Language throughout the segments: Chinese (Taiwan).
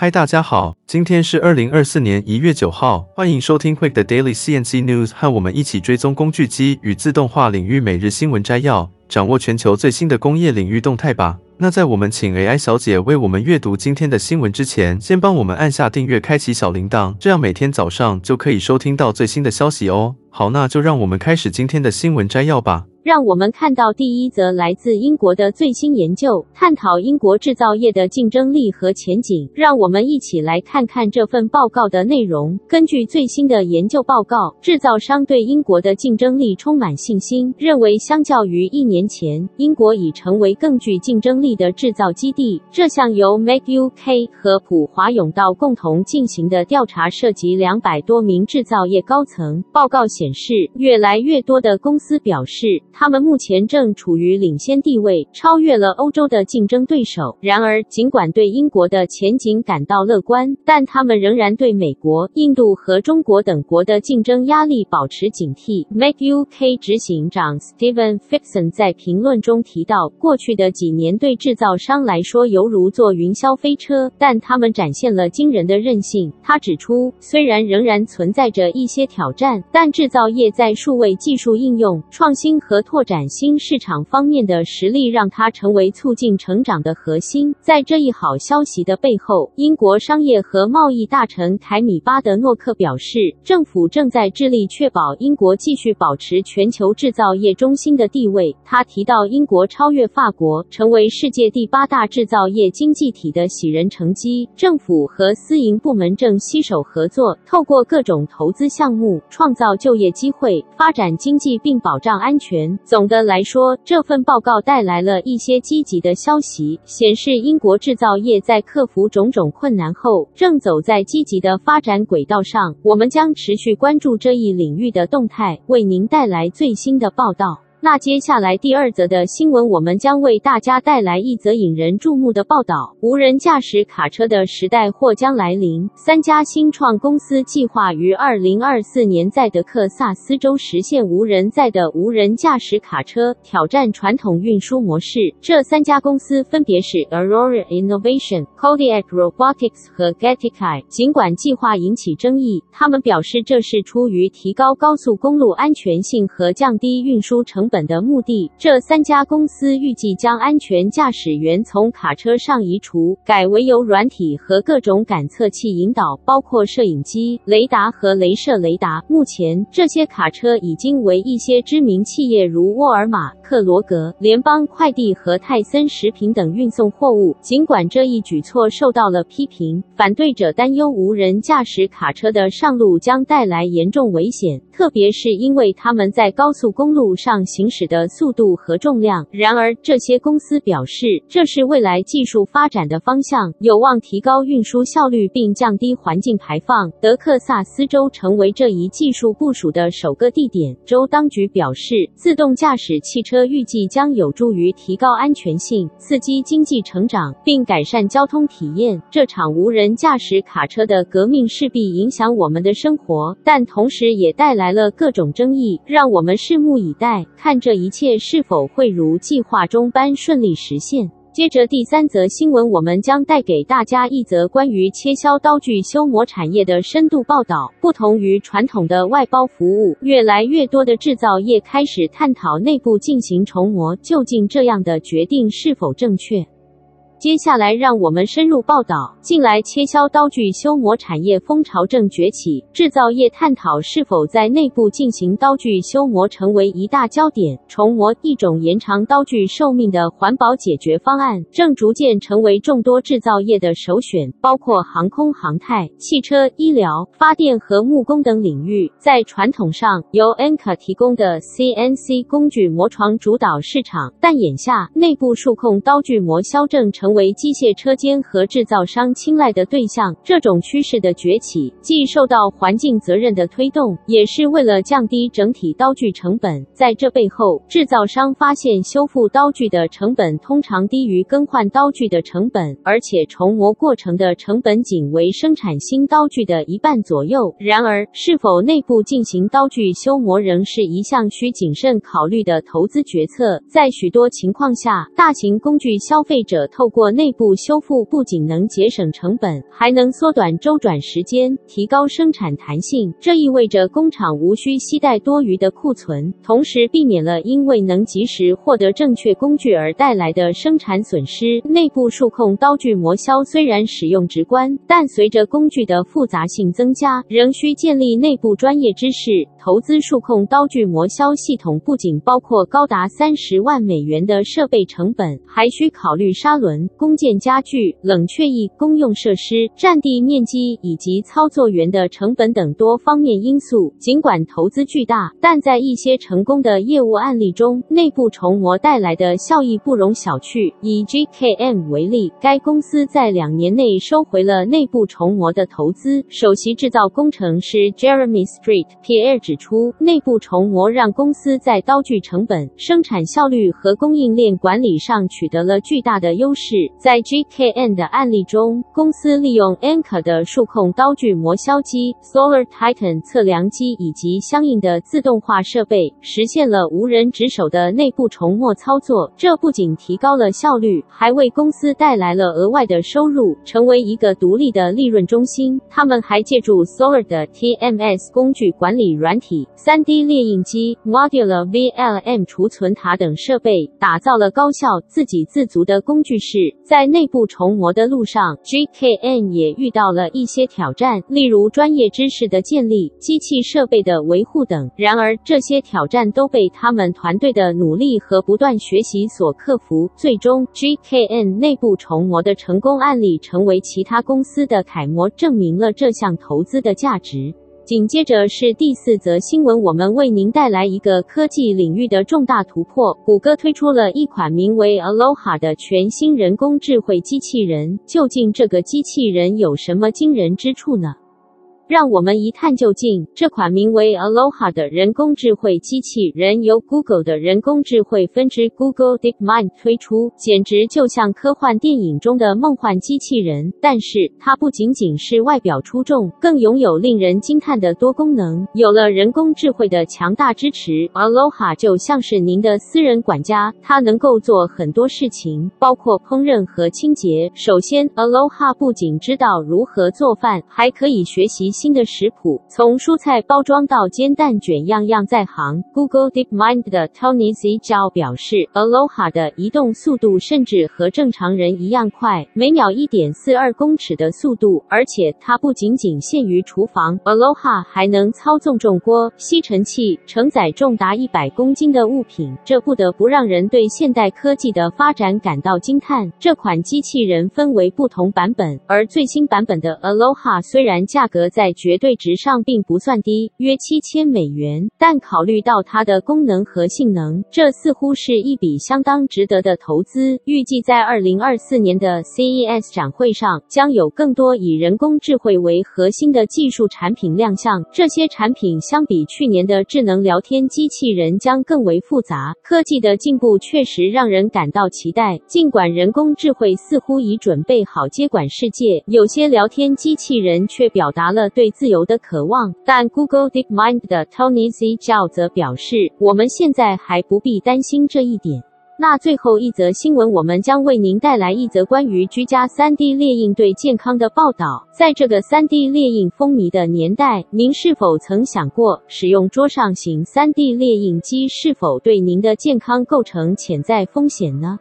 嗨，大家好，今天是二零二四年一月九號，歡迎收聽 TCMIC Daily CNC News，和我們一起追蹤工具機與自動化領域每日新聞摘要，掌握全球最新的工業領域動態吧。那在我們請 AI 小姐為我們閱讀今天的新聞之前，先幫我們按下訂閱，開啟小鈴鐺，這樣每天早上就可以收聽到最新的消息哦。好，那就讓我們開始今天的新聞摘要吧。讓我們看到第一則來自英國的最新研究，探討英國製造業的競爭力和前景。讓我們一起來看看這份報告的內容。根據最新的研究報告，製造商對英國的競爭力充滿信心，認為相較於一年前，英國已成為更具競爭力的製造基地。這項由 Make UK 和普華永道共同進行的調查涉及兩百多名製造業高層。報告顯示，越來越多的公司表示，他們目前正處於領先地位，超越了歐洲的競爭對手。然而，儘管對英國的前景感到樂觀，但他們仍然對美國、印度和中國等國的競爭壓力保持警惕。Make UK 執行長 Steven Fixen 在評論中提到：“過去的幾年對制造商來說猶如坐雲霄飛車，但他們展現了驚人的韌性。”他指出，雖然仍然存在着一些挑戰，但制造業在數位技術應用創新和和拓展新市場方面的實力，讓它成為促進成長的核心。在這一好消息的背後，英國商業和貿易大臣凱米·巴德諾克表示，政府正在致力確保英國繼續保持全球制造業中心的地位。他提到，英國超越法國，成為世界第八大制造業經濟體的喜人成績。政府和私營部門正攜手合作，透過各種投資項目創造就業機會，發展經濟並保障安全。總的來說，這份報告帶來了一些積極的消息，顯示英國製造業在克服種種困難後，正走在積極的發展軌道上。我們將持續關注這一領域的動態，為您帶來最新的報道。那接下來第二則的新聞，我們將為大家帶來一則引人注目的報道：無人駕駛卡車的時代或將來臨。三家新創公司計劃於2024年在德克薩斯州實現無人載的無人駕駛卡車，挑戰傳統運輸模式。這三家公司分別是 Aurora Innovation、Kodiak Robotics 和 Gatik AI，儘管計劃引起爭議，他們表示這是出於提高高速公路安全性和降低運輸成本。本的目的，這三家公司預計將安全駕駛員從卡車上移除，改為由軟體和各種感測器引導，包括攝影機、雷達和雷射雷達。目前，這些卡車已經為一些知名企業如沃爾瑪、克羅格、聯邦快遞和泰森食品等運送貨物。儘管這一舉措受到了批評，反對者擔憂無人駕駛卡車的上路將帶來嚴重危險，特別是因為他們在高速公路上，行駛的速度和重量。然而，這些公司表示，這是未來技術發展的方向，有望提高運輸效率並降低環境排放。德克薩斯州成為這一技術部署的首個地點。州當局表示，自動駕駛汽車預計將有助於提高安全性、刺激經濟成長並改善交通體驗。這場無人駕駛卡車的革命勢必影響我們的生活，但同時也帶來了各種爭議，讓我們拭目以待。看這一切是否會如計劃中般順利實現？接着第三則新聞，我們將帶給大家一則關於切削刀具修磨產業的深度報道。不同於傳統的外包服務，越來越多的製造業開始探討內部進行重磨。究竟這樣的決定是否正確？接下來，讓我們深入報道。近來，切削刀具修磨產業風潮正崛起，制造業探討是否在內部進行刀具修磨成為一大焦點。重磨一種延長刀具壽命的環保解決方案，正逐漸成為眾多制造業的首選，包括航空航太、汽車、醫療、發電和木工等領域。在傳統上，由 ANCA 提供的 CNC 工具磨床主導市場，但眼下內部數控刀具磨削正成。成為機械車間和制造商青睞的對象。這種趨勢的崛起既受到環境責任的推動，也是為了降低整體刀具成本。在這背後，製造商發現修復刀具的成本通常低於更換刀具的成本，而且重磨過程的成本僅為生產新刀具的一半左右。然而，是否內部進行刀具修磨仍是一項需謹慎考慮的投資決策。在許多情況下，大型工具消費者透過我內部修復不僅能節省成本，還能縮短周轉時間，提高生產彈性。這意味着工廠無需攜帶多餘的庫存，同時避免了因未能及時獲得正確工具而帶來的生產損失。內部數控刀具磨削雖然使用直觀，但隨着工具的複雜性增加，仍需建立內部專業知識。投資數控刀具磨削系統不僅包括高達三十萬美元的設備成本，還需考慮砂輪。工件夾具、冷卻液、公用設施、占地面積以及操作員的成本等多方面因素。儘管投資巨大，但在一些成功的業務案例中，內部重磨帶來的效益不容小覷。以 GKM 為例，該公司在兩年內收回了內部重磨的投資。首席制造工程師 Jeremy Street Pierre 指出，內部重磨讓公司在刀具成本、生產效率和供應鏈管理上取得了巨大的優勢。在 GKN 的案例中，公司利用 ANCA 的數控刀具磨削機、Solar Titan 測量機以及相應的自動化設備，實現了無人值守的內部重磨操作。這不僅提高了效率，還為公司帶來了額外的收入，成為一個獨立的利潤中心。他們還借助 Solar 的 TMS 工具管理軟體、3D 列印機、Modular VLM 儲存塔等設備，打造了高效自給自足的工具室。在內部重磨的路上，GKN 也遇到了一些挑戰，例如專業知識的建立、機器設備的維護等。然而，這些挑戰都被他們團隊的努力和不斷學習所克服。最終，GKN 內部重磨的成功案例成為其他公司的楷模，證明了這項投資的價值。緊接着是第四則新聞，我們為您帶來一個科技領域的重大突破。谷歌推出了一款名為 Aloha 的全新人工智慧機器人，究竟這個機器人有什麼驚人之處呢？讓我們一探究竟。這款名為 Aloha 的人工智慧機器人由 Google 的人工智慧分支 Google DeepMind 推出，簡直就像科幻電影中的夢幻機器人。但是它不僅僅是外表出眾，更擁有令人驚嘆的多功能。有了人工智慧的強大支持，Aloha 就像是您的私人管家，它能夠做很多事情，包括烹飪和清潔。首先，Aloha 不僅知道如何做飯，還可以學習。新的食譜，從蔬菜包裝到煎蛋卷，樣樣在行。Google DeepMind 的 Tony Zhao 表示，Aloha 的移動速度甚至和正常人一樣快，每秒一點四二公尺的速度。而且它不僅僅限於廚房，Aloha 還能操縱重鍋、吸塵器，承載重達一百公斤的物品。這不得不讓人對現代科技的發展感到驚嘆。這款機器人分為不同版本，而最新版本的 Aloha 雖然價格在在絕對值上並不算低，約七千美元。但考慮到它的功能和性能，這似乎是一筆相當值得的投資。預計在二零二四年的 CES 展會上，將有更多以人工智能為核心的技術產品亮相。這些產品相比去年的智能聊天機器人將更為複雜。科技的進步確實讓人感到期待。儘管人工智能似乎已準備好接管世界，有些聊天機器人卻表達了對自由的渴望，但 Google Deep Mind 的 Tony Zhou 則表示，我們現在還不必擔心這一點。那最後一則新聞，我們將為您帶來一則關於居家 3D 列印對健康的報道。在這個 3D 列印風靡的年代，您是否曾想過，使用桌上型 3D 列印機是否對您的健康構成潛在風險呢？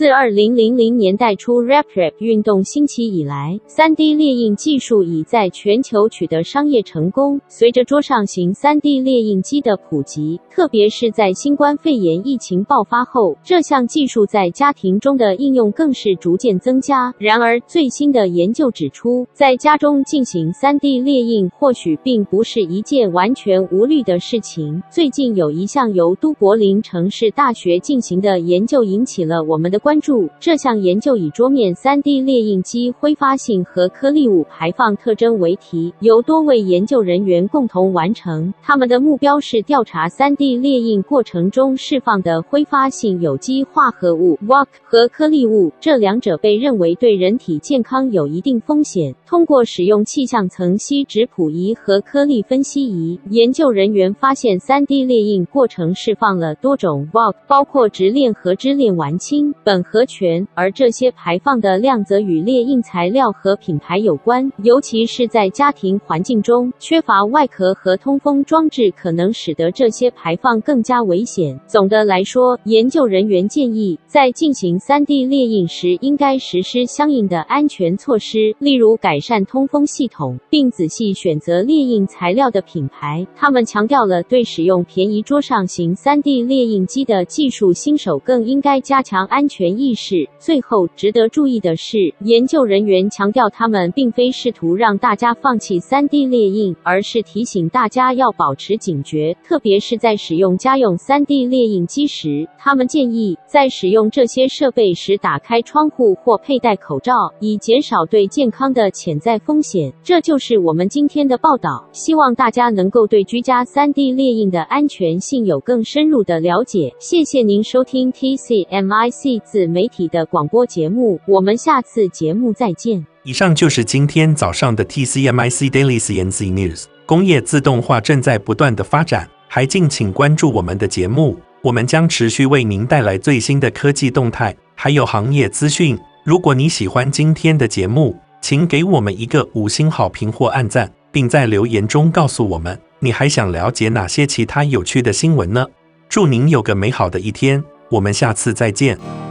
自二零零零年代初 RepRap 運動興起以來，3D 列印技術已在全球取得商業成功。隨着桌上型 3D 列印機的普及，特別是在新冠肺炎疫情爆發後，這項技術在家庭中的應用更是逐漸增加。然而，最新的研究指出，在家中進行 3D 列印或許並不是一件完全無慮的事情。最近有一項由都柏林城市大學進行的研究引起了我們的關注。關注，這項研究以桌面 3D 列印機揮發性和顆粒物排放特徵為題，由多位研究人員共同完成。他們的目標是調查 3D 列印過程中釋放的揮發性有機化合物 （VOC） 和顆粒物，這兩者被認為對人體健康有一定風險。通過使用氣象層析質譜儀和顆粒分析儀，研究人員發現 3D 列印過程釋放了多種 VOC，包括直鏈和支鏈烷烴、苯。和全，而這些排放的量則與列印材料和品牌有關，尤其是在家庭環境中，缺乏外殼和通風裝置，可能使得這些排放更加危險。總的來說，研究人員建議在進行 3D 列印時，應該實施相應的安全措施，例如改善通風系統，並仔細選擇列印材料的品牌。他們強調了對使用便宜桌上型 3D 列印機的技術新手更應該加強安全。全意識。最後，值得注意的是，研究人員強調，他們並非試圖讓大家放棄 3D 列印，而是提醒大家要保持警覺，特別是在使用家用 3D 列印機時，他們建議，在使用這些設備時，打開窗戶或佩戴口罩，以減少對健康的潛在風險。這就是我們今天的報道，希望大家能夠對居家 3D 列印的安全性有更深入的了解。謝謝您收聽 TCMIC。自媒體的廣播節目，我們下次節目再見。以上就是今天早上的 TCMIC Daily CNC News。工業自動化正在不斷的發展，還敬請關注我們的節目，我們將持續為您帶來最新的科技動態，還有行業資訊。如果你喜歡今天的節目，請給我們一個五星好評或按讚，並在留言中告訴我們你還想了解哪些其他有趣的新聞呢？祝您有個美好的一天，我們下次再見。